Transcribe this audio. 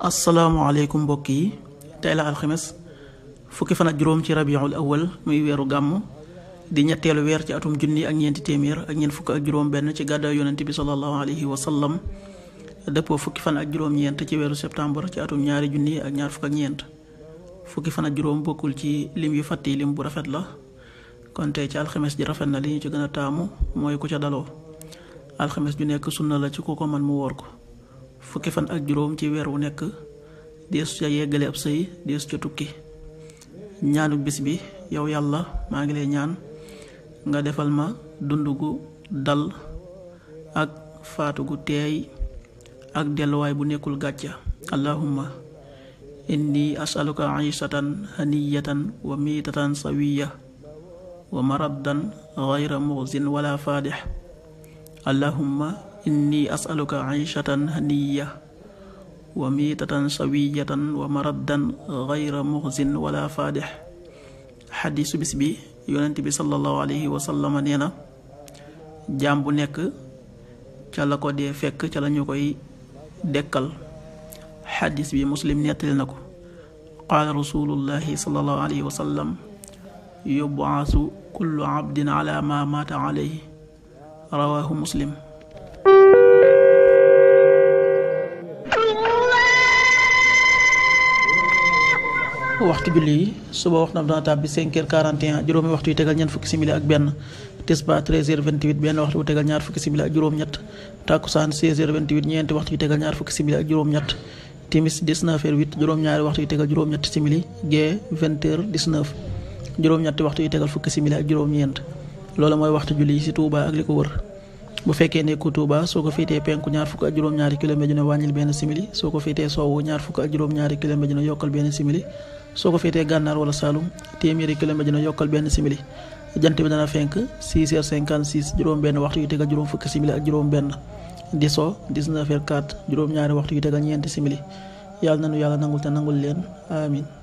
asalaamaaleykum mbokk yi tey la alxames fukki fan ak juróom ci rabiul awal muy weeru gàmm di ñetteelu weer ci atum junni ak ñeenti téeméer ak ñeent fukk ak juróom benn ci gàddaay yonent bi sallallahu alayhi wa sallam dëppoo fukki fan ak juróom-ñeent ci weeru septembre ci atum ñaari junni ak ñaar fukk ñeent fukki fan ak juróom bokkul ci lim yu fàtti lim bu rafet la kon tey ci alxemes ji rafet na li ñu ci gën a taamu mooy ku ca daloo alxames ju nekk sunna la ci ku ko man mu woor ko fukki fan ak juróom ci weer wu nekk deesu ca yeggale ab sëy deesu ca tukki ñaanu bis bi yow yàlla maa ngi lay ñaan nga defal ma dund dal ak faatu gu teey ak delluwaay bu nekkul gàcca allahumma inni asaluka aysatan haniyatan wa miitatan sawiya wa maradan gayra muxzin wala faadix allahumma inni asaluka aishatan haniya wa miitatan sawiyatan wa maraddan gayra muxzin wala faadix xadiisu bi yonent bi sallallahu alayhi wa sallam nee jaam bu nekk ca la ko dee fekk ca la ñu koy dekkal xadis bi muslim nettali na ko qaala rasulullahi sallallahu alayhi wa sallam yubaasu kullu abdin ala ma maata alayhi rawahu muslim waxtu julli yi suba waxtu na dana tàbbi 5 heures 41 juróomi waxtu yi tegal ñeent fukki simili ak benn tisba 13 heures 28 benn waxtu bu tegal ñaar fukki simili ak juróom-ñett takkusaan ñaar fukki simili juróom-ñett timis 19 heures 8 ñetti simili gee 20 heures 19 juróom-ñetti ñeent loolu mooy waxtu julli yi si Touba ak li ko wër bu fekkee nekku Touba soo ko féetee penku ñaar fukk ak juróom-ñaari kilomètre dina wàññil benn simili soo ko féetee soowu ñaar fukk ak juróom-ñaari kilomètre dina yokkal benn simili soo ko feetee gànnaar wala Saalum téeméeri kilomètre dina yokkal benn simili jant bi dana fenk 6 heures 56 juróom-benn waxtu yu tegal juróom fukki simili ak juróom-benn di so 19 heures 4 juróom-ñaari waxtu yu tegal ñeenti simili yàlla na nu yàlla nangul te nangul leen amin